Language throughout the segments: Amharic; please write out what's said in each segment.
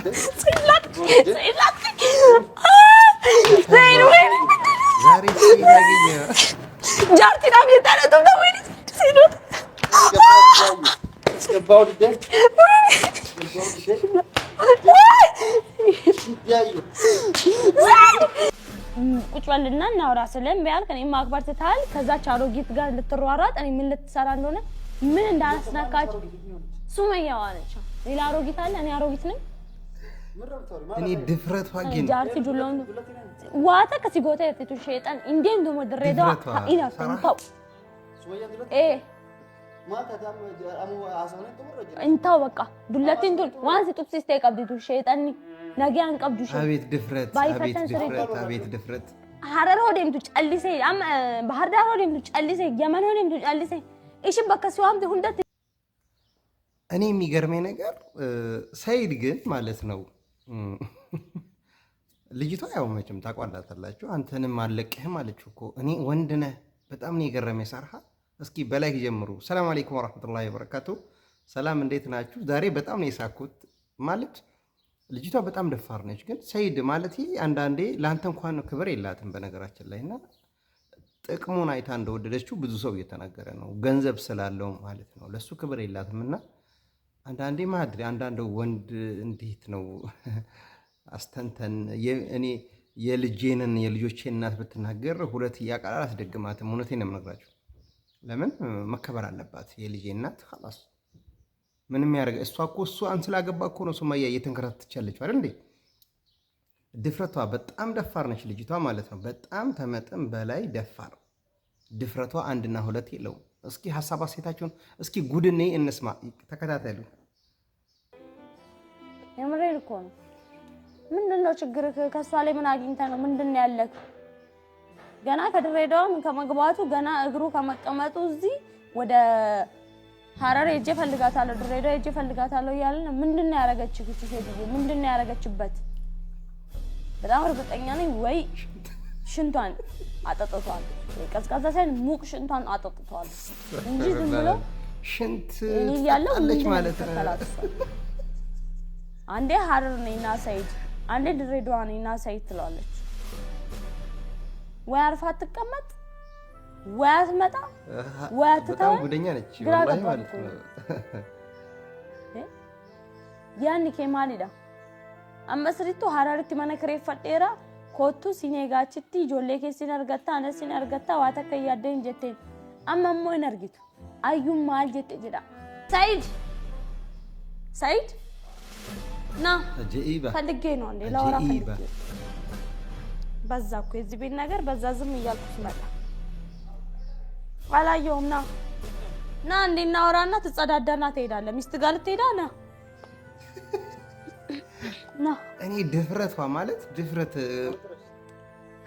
ቁጭ በልና እናውራ። ስለም ቢያልክ እኔ ማክበር ትታል። ከዛች አሮጊት ጋር ልትሯሯጥ እኔ ምን ልትሰራ እንደሆነ ምን እንዳላስነካቸው ሱመያዋ ነች። ሌላ አሮጊት አለ። እኔ አሮጊት ነኝ። እኔ ድፍረቷ ዋታ ከሲጎታ የትቱ ሸይጣን እንዴም ደሞ ድሬዳዋ በቃ ዱለቲን ዱል ዋንስ ጥብስስቴ ቀብዲቱ ሸይጣን ነገ አንቀብዱ አቤት ድፍረት አቤት ድፍረት አቤት ድፍረት ሀረር ሆ ጨልሴ ባህር ዳር ሆ ጨልሴ የመን ሆ ጨልሴ እሺ በቃ ሲዋምት ሁንደት እኔ የሚገርመኝ ነገር ሰይድ ግን ማለት ነው ልጅቷ ያው መቼም ታቋላታላችሁ። አንተንም አለቅህም አለችው እኮ እኔ ወንድ ነህ። በጣም ነው የገረመ ሰርሃ እስኪ በላይክ ጀምሩ። ሰላም አለይኩም ወራህመቱላሂ ወበረካቱ። ሰላም እንዴት ናችሁ? ዛሬ በጣም ነው የሳኩት። ማለት ልጅቷ በጣም ደፋር ነች። ግን ሰይድ ማለት አንዳንዴ ለአንተ እንኳን ክብር የላትም በነገራችን ላይ እና ጥቅሙን አይታ እንደወደደችው ብዙ ሰው እየተናገረ ነው። ገንዘብ ስላለው ማለት ነው ለእሱ ክብር የላትም እና አንዳንዴ ማድሪ አንዳንድ ወንድ እንዴት ነው አስተንተን እኔ የልጄንን የልጆቼን እናት ብትናገር ሁለት እያቃላል አስደግማትም። እውነቴን ነው የምነግራቸው። ለምን መከበር አለባት የልጄ እናት ላስ ምንም ያደርገ እሷ እኮ እሱ አን ስላገባ እኮ ነው ሱማያ እየተንከራተቻለችው አይደል እንዴ? ድፍረቷ በጣም ደፋር ነች ልጅቷ ማለት ነው። በጣም ከመጠን በላይ ደፋር ድፍረቷ አንድና ሁለት የለውም። እስኪ ሀሳብ አሴታችሁን እስኪ ጉድኔ እንስማ፣ ተከታተሉ። የምሬ እኮ ነው። ምንድን ነው ችግርህ? ከእሷ ላይ ምን አግኝተህ ነው? ምንድን ነው ያለህ? ገና ከድሬዳዋም ከመግባቱ ገና እግሩ ከመቀመጡ እዚህ ወደ ሀረር ሄጄ ፈልጋታለሁ ድሬዳዋ ሄጄ ፈልጋታለሁ እያለ ነው። ምንድን ነው ያደረገችህ? ምንድን ነው ያደረገችበት? በጣም እርግጠኛ ነኝ ወይ ሽንቷን አጠጥቷል። ቀዝቃዛ ሳይሆን ሙቅ ሽንቷን አጠጥቷል እንጂ ዝም ብሎ ሽንት ያለው ማለት አንዴ ሀረር ነኝና ሳይድ፣ አንዴ ድሬዳዋ ነኝና ሳይድ ትለዋለች። ወይ አርፋ አትቀመጥ፣ ወይ አትመጣ፣ ወይ አትተው። ግራ ገብቶ ያን ኬማሊዳ አመስሪቱ ሀረርት መነክሬ ፈጤራ kottu sinee gaachitti ijoollee keessi hin argatta ana sin argatta waa takka yaadda hin jetteen amma ammoo hin argitu ayyuun maal jette jedha said said na ፈልጌ ነው እንዴ ላወራ ፈልጌ በዛ እኮ የዚህ ቤት ነገር በዛ Na እያልኩ na አላየውም ና ና እንዴ እናወራና ትጸዳዳና ትሄዳለህ ሚስት ጋር ልትሄዳ ና እኔ ድፍረቷ ማለት ድፍረት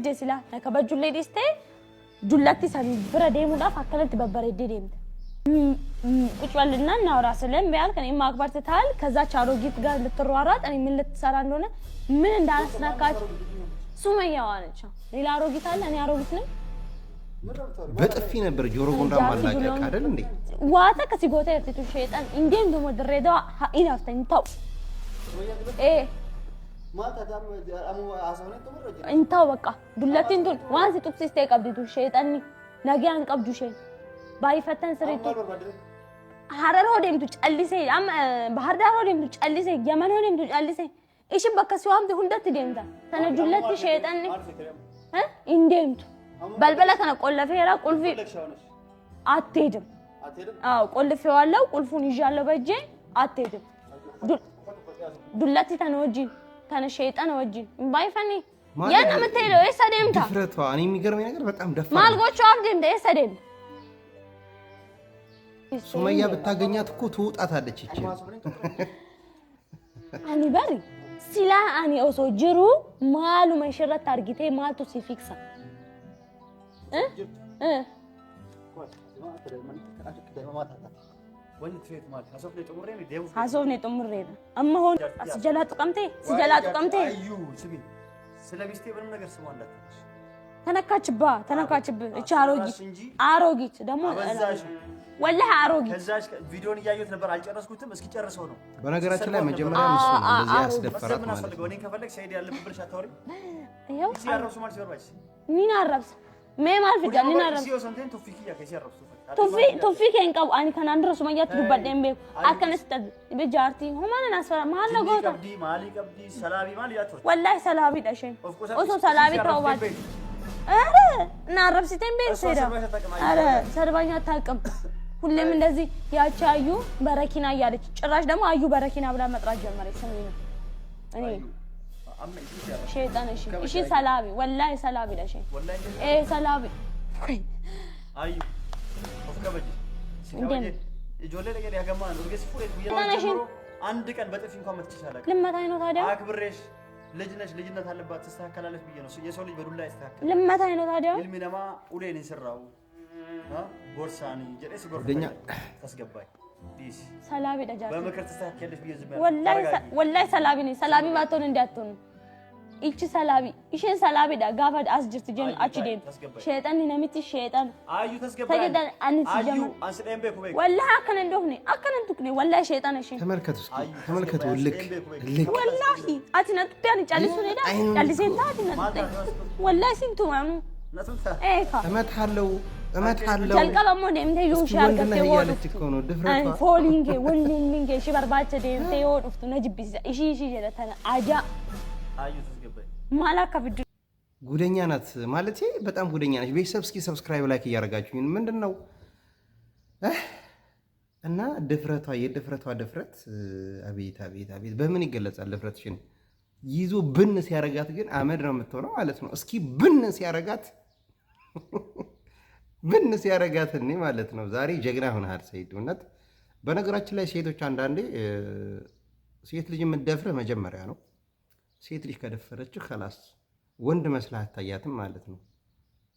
Ije silaa akka ijoollee dhiistee dullatti san bira deemuudhaaf akkanatti babbareeddee deemte. ቁጭ በልና እናውራ ስለሚያል ከኔ ማክበር ትታል። ከዛች አሮጊት ጋር ልትሯሯጥ እኔ ምን ልትሰራ እንደሆነ ምን እንዳላስናካችሁ ሱመያ ዋለች። ሌላ አሮጊት አለ። እኔ አሮጊት ነኝ። በጥፊ ነበር ጆሮ ጉንዳ ማላቀቅ አይደል እንዴ? ዋታ ከሲጎታ የርቲቱ ሸይጣን እንዴም ደሞ ድሬዳዋ ሀኢን አፍተኝ ተው እንታው በቃ ዱለቲን ቱን ዋንስ ጡቅሲስቴ ቀብዲቱ ሸይጠኒ ነጊያን ቀብዱ ሸይ ባይፈተን ስሪቱ ሀረር ሆ ጨልሴ ባህር ዳር ሆ ጨልሴ የመን ሆ ጨልሴ እሽን በከ ሲዋምቲ ሁንደት ደምታ ተነ ዱለቲ ሸይጠኒ እንደምቱ በልበለ ከነ ቆለፌ ቁልፊ አትሄድም። አዎ ቁልፉን ይዣለሁ በእጄ አትሄድም። ዱለቲ ተነ ወጂን ተነሽ ሸይጣን ወጂ እምባይ ፈኒ ያን የምትሄደው የሰደምታ ድፍረቷ እኔ የሚገርመኝ ነገር በጣም ደፋ ማልጎቹ አብድ እንደ የሰደም ሱመያ ብታገኛት እኮ ትውጣታለች። እቺ አኒ በሪ ሲላ አኒ ኦሶ ጅሩ ማሉ መሽረት አርጊቴ ማልቱ ሲፊክሳ እ እ ሀሶብ ነው የጥሙሬ ነው እመሆን ስጀላ ጥቀምቴ ስጀላ ጥቀምቴ ተነካችባ ተነካችብ እቺ አሮጊት አሮጊት ደግሞ ወላሂ አሮጊት ቪዲዮን እያየሁት ነበር፣ አልጨረስኩትም። እስኪ ጨርሰው ነው። በነገራችን ላይ መጀመሪያ እሱ ነው። mee maal fida ani naa rabbi tuffii kee hin qabu ani kan ani dura sumayyaatti dubbadhee hin beeku akkanasitti be jaartii humana naas fara maal na goota wallaahi salaabiidha isheen osoo salaabii ta'uu baate naa rabbsitee hin beeku ኧረ ሰርባኛ አታውቅም ሁሌም እንደዚህ ያቺ አዩ በረኪና እያለች ጭራሽ ደግሞ አዩ በረኪና ብላ መጥራት ጀመረች ስሜ ነው እኔ ሸይጣን እሺ፣ እሺ፣ ሰላቢ ወላሂ፣ ሰላቢ ለሽ ኤ ሰላቢ አንድ ቀን በጥፊ እንኳን መትችሻለሁ። ልመታኝ ነው ታዲያ። አክብሬሽ ልጅ ነሽ፣ ልጅነት አለባት፣ ትስተካከላለች ብዬ ነው። የሰው ልጅ በዱላ ይስተካከል። ልመታኝ ነው ታዲያ። ልሚ ነማ ኡሌን ስራው ጎርሳኒ ጀሬስ ጎርፈኛ ታስገባኝ ሰላቢ ደጃ በምክር ትስተካከላለች ብዬ ዝም ወላሂ፣ ሰላቢ ነኝ። ሰላቢ ባትሆን እንዲያትሆን Ichi salaabi. Isheen salaabidha. Gaafa as jirti jennu achi deemti. Sheexanni namichi sheexana. Aayyuu tasgabbaani. Sajjadan ani sijjamu. Aayyuu ansi dheen beeku beeku. Wallahi akkana ndofne akkana tukne wallahi sheexana isheen. ተመልከቱ እስኪ ተመልከቱ። ልክ ልክ ወላሂ አቲ ነጥቤ ያን ጨልሱ ሄዳ ጨልሴን ታቲ ነጥቤ ወላሂ ስንቱ ማኑ ኤካ እመትሃለሁ እመትሃለሁ ጀልቀበ ሞ ደምቴ ዩሻ ገቴ ወዱፍቱ ፎሊንጌ ወንሊንጌ ሺ በርባቸ ደምቴ ወዱፍቱ ነጅቢሳ እሺ እሺ ጀለተነ አጃ ማላካ ብድ ጉደኛ ናት ማለት በጣም ጉደኛ ነች። ቤተሰብ እስኪ ሰብስክራይብ ላይክ እያደረጋችሁ ምንድን ነው እና ድፍረቷ የድፍረቷ ድፍረት አቤት አቤት አቤት በምን ይገለጻል? ድፍረትሽን ይዞ ብን ሲያረጋት ግን አመድ ነው የምትሆነው ማለት ነው። እስኪ ብን ሲያረጋት ብን ሲያረጋት እኔ ማለት ነው። ዛሬ ጀግና ሆነሃል ሰይድ። እውነት በነገራችን ላይ ሴቶች አንዳንዴ ሴት ልጅ የምትደፍርህ መጀመሪያ ነው ሴት ልጅ ከደፈረችህ ከላስ ወንድ መስላ አታያትም ማለት ነው።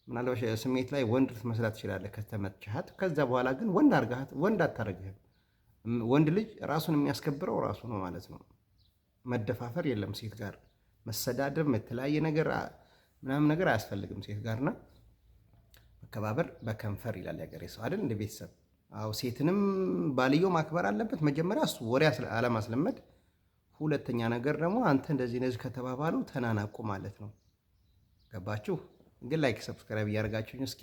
ምናልባሽ ስሜት ላይ ወንድ ልትመስላ ትችላለህ ከተመቸሃት። ከዛ በኋላ ግን ወንድ አርጋት ወንድ አታረግህም። ወንድ ልጅ ራሱን የሚያስከብረው ራሱ ነው ማለት ነው። መደፋፈር የለም ሴት ጋር መሰዳደብ፣ የተለያየ ነገር ምናምን ነገር አያስፈልግም ሴት ጋርና መከባበር በከንፈር ይላል ያገሬ ሰው አይደል? እንደ ቤተሰብ አዎ፣ ሴትንም ባልየው ማክበር አለበት። መጀመሪያ እሱ ወሬ አለማስለመድ ሁለተኛ ነገር ደግሞ አንተ እንደዚህ እንደዚህ ከተባባሉ ተናናቁ ማለት ነው። ገባችሁ? ግን ላይክ ሰብስክራይብ እያደርጋችሁኝ እስኪ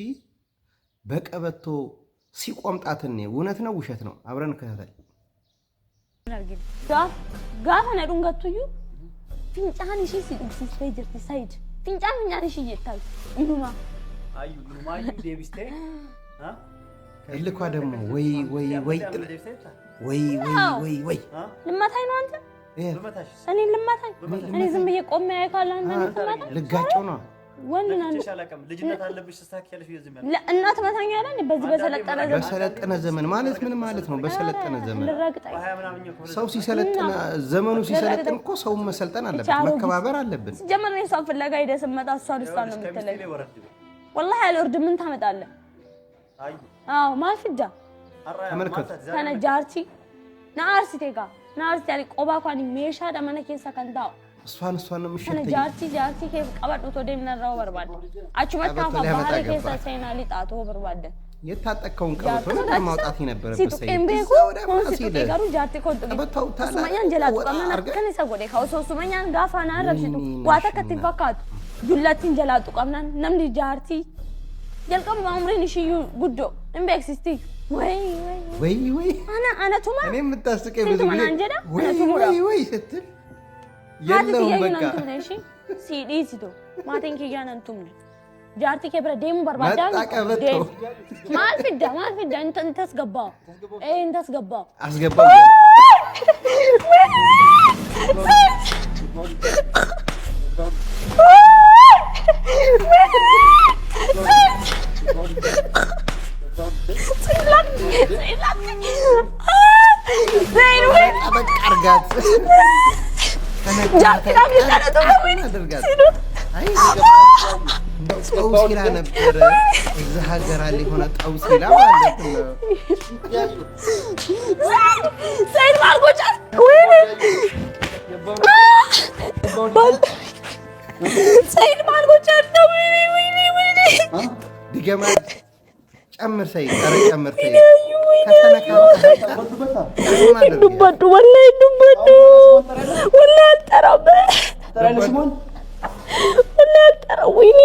በቀበቶ ሲቆምጣት እኔ እውነት ነው ውሸት ነው? አብረን ከታተል ጋፈነ ዱንገቱዩ ፊንጫን ሺ ሳይድ ፊንጫን ፊንጫን ሺ አዩ ኑማ ዴቢስቴ እልኳ ደግሞ ወይ ወይ ወይ ወይ ወይ ወይ ነው አንተ እኔ ልመታኝ? እኔ ዝም ብዬ ቆሜ ልጋጨው ነው። እናት መታኝ አለ። በዚህ በሰለጠነ ዘመን በሰለጠነ ዘመን ማለት ምን ማለት ነው? በሰለጠነ ዘመን ሰው ሲሰለጥን ዘመኑ ሲሰለጥን እኮ ሰውን መሰልጠን አለበት፣ መከባበር አለብን። ሲጀመር ነው እሷን ፍለጋ ሄደህ ስትመጣ እሷን እሷን ነው የምትለኝ። ወላሂ አልወርድም። ምን ታመጣለህ? አዎ ማልፍጃ ተመልከቱ። ከነ ጃርቺ ና አርሲቴ ጋር Naarsii ta'e qophaa kan meeshaadha mana keessa kan taa'u. Asfaan asfaan nama sheetti. Kana jaartii jaartii keessa qabadhu otoo deemna irraa barbaadda. Achumatti hafa bahari keessa seenaa lixaa ta'uu barbaadda. የታጠቀውን ቀበቶ ነበር ማውጣት የነበረበት። ሱመኛን ጀላቱ ቀመና ከነሰ ጎዴ ካውሶ ሱመኛን ጋፋና ረብሽቱ ዋተ ከቲን ፈካቱ ጁላቲን ጀላቱ ቀምናን ነምኒ ጃርቲ ጀልቀቡ ኡምሪን ሽዩ ጉዶ እምቤክሲስቲ ወይ ወይ ወይ አና አነቱማ እኔ የምታስቀኝ ብዙ ጊዜ ወይ ወይ ስትል የለውም በቃ ሲዲሲቶ ማቴን ኪያን አንቱም ጃርቲ ከብረ ደም በርባዳ ማል ፍዳ ማል ፍዳ እንትን ተስገባ እህ እንተስ ገባ አስገባ ወይ ቀውሲላ ነበረ እዛ ሀገር አለ የሆነ ቀውሲላ ማለት ነው። ሰይድ ማርጎቻት ሰይድ ማርጎቻት ጨምር ሰይ ኧረ ጨምር ሰይ ዱባዱ ወላሂ ዱባዱ ወላሂ አልጠራም ወላሂ አልጠራም ወይኔ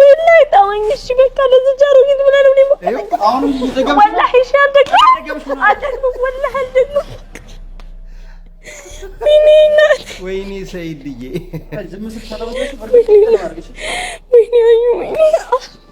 ወላሂ ተወኝ እሺ በቃ ለዚች አሮጊት ብለህ ነው ወላሂ እሺ አልደግምም አልደግምም ወላሂ አልደግምም ወይኔ ሰይድዬ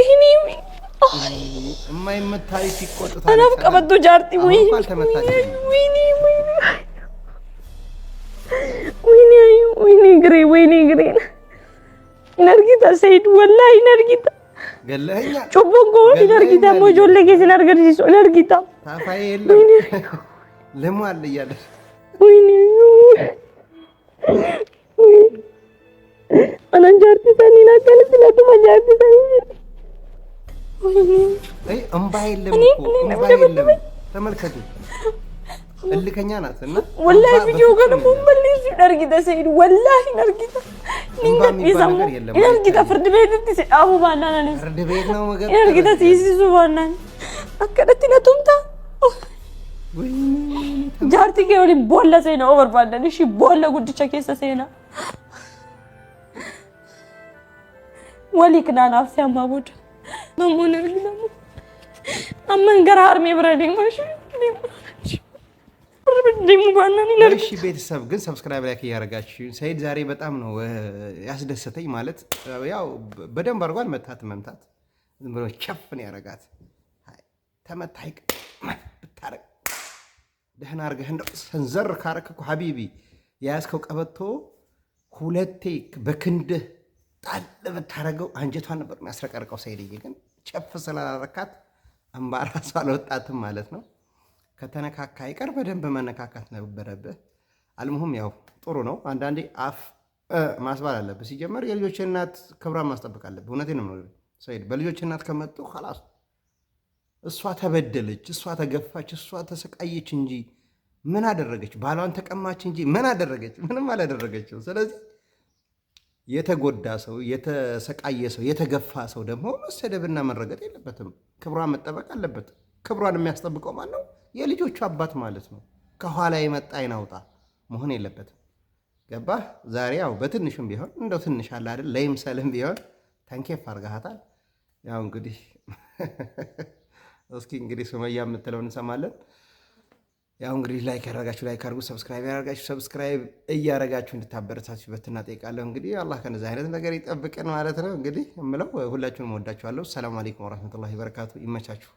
ወይኔ የማይመታይ ሲቆጥታ አናብ ቀበቶ ጃርቲ ወይኔ ወይኔ ወይኔ ወይኔ ግሬ ወይኔ ግሬ ነርጊታ ሰይድ ወላሂ ነርጊታ ገለኸኛ ጮቦን ጎል ነርጊታ ሞጆሌ ጌስን አርገርሲሶ ነርጊታ ታፋዬ የለም ለሙ አለ እያለ ወይኔ ወይኔ አናን ጃርቲ ሰኒ ናከለት ለቱ ማጃርቲ ሰኒ እምባ የለም እኮ እምባ የለም። ተመልከቱ፣ እልከኛ ናት እና ወላሂ ቪዲዮ ገን ሙመልሱ ነርጊተ ሰይድ ወላሂ ነርጊተ ኒንገት ይዛሙ ነርጊተ ፍርድ ቤት ትስ አቡ ባናና ነስ ፍርድ ቤት ነው መገር ነርጊተ ሲሲሱ ባናን አከደት ነቱምታ ጃርቲ ጌውሊ ቦለ ሰይና ኦቨር ባናን እሺ ቦለ ጉድቻ ኬሰ ሰይና ወሊክና ናፍሲ አማቡድ እሺ ቤተሰብ ግን ሰብስክራይብ ላይክ እያደረጋችሁ ሰይድ ዛሬ በጣም ነው ያስደሰተኝ። ማለት ያው በደንብ አድርጓል መታት መምታት ዝም ብሎ ቸፍን ያደረጋት ተመታይ ብታረግ ደህና አድርገህ እንደው ሰንዘር ካረክ እኮ ሀቢቢ የያዝከው ቀበቶ ሁለቴ በክንድህ ጣል ብታደርገው አንጀቷን ነበር የሚያስረቀርቀው። ሰይድዬ ግን ጨፍ ስላላረካት አምባራሷ አልወጣትም ማለት ነው። ከተነካካ ይቀር በደንብ መነካካት ነበረብህ። አልምሁም ያው ጥሩ ነው። አንዳንዴ አፍ ማስባል አለብህ። ሲጀመር የልጆች እናት ክብራን ማስጠበቅ አለብህ። እውነቴን ነው ሰይድ። በልጆች እናት ከመጡ ላስ እሷ ተበደለች፣ እሷ ተገፋች፣ እሷ ተሰቃየች እንጂ ምን አደረገች? ባሏን ተቀማች እንጂ ምን አደረገች? ምንም አላደረገችው። ስለዚህ የተጎዳ ሰው፣ የተሰቃየ ሰው፣ የተገፋ ሰው ደግሞ መሰደብና መረገጥ የለበትም። ክብሯ መጠበቅ አለበት። ክብሯን የሚያስጠብቀው ማን ነው? የልጆቹ አባት ማለት ነው። ከኋላ የመጣ አይናውጣ መሆን የለበትም። ገባህ? ዛሬ ያው በትንሹም ቢሆን እንደው ትንሽ አለ አይደል? ለይምሰልም ቢሆን ተንኬፍ አርጋሃታል። ያው እንግዲህ እስኪ እንግዲህ ሱመያ የምትለው እንሰማለን። ያው እንግዲህ ላይክ ያደረጋችሁ ላይክ አድርጉ፣ ሰብስክራይብ ያደረጋችሁ ሰብስክራይብ እያደረጋችሁ እንድታበረታችሁ በትና ጠይቃለሁ። እንግዲህ አላህ ከነዚ አይነት ነገር ይጠብቅን ማለት ነው። እንግዲህ የምለው ሁላችሁንም ወዳችኋለሁ። ሰላም አለይኩም ወረሕመቱላሂ በረካቱ። ይመቻችሁ።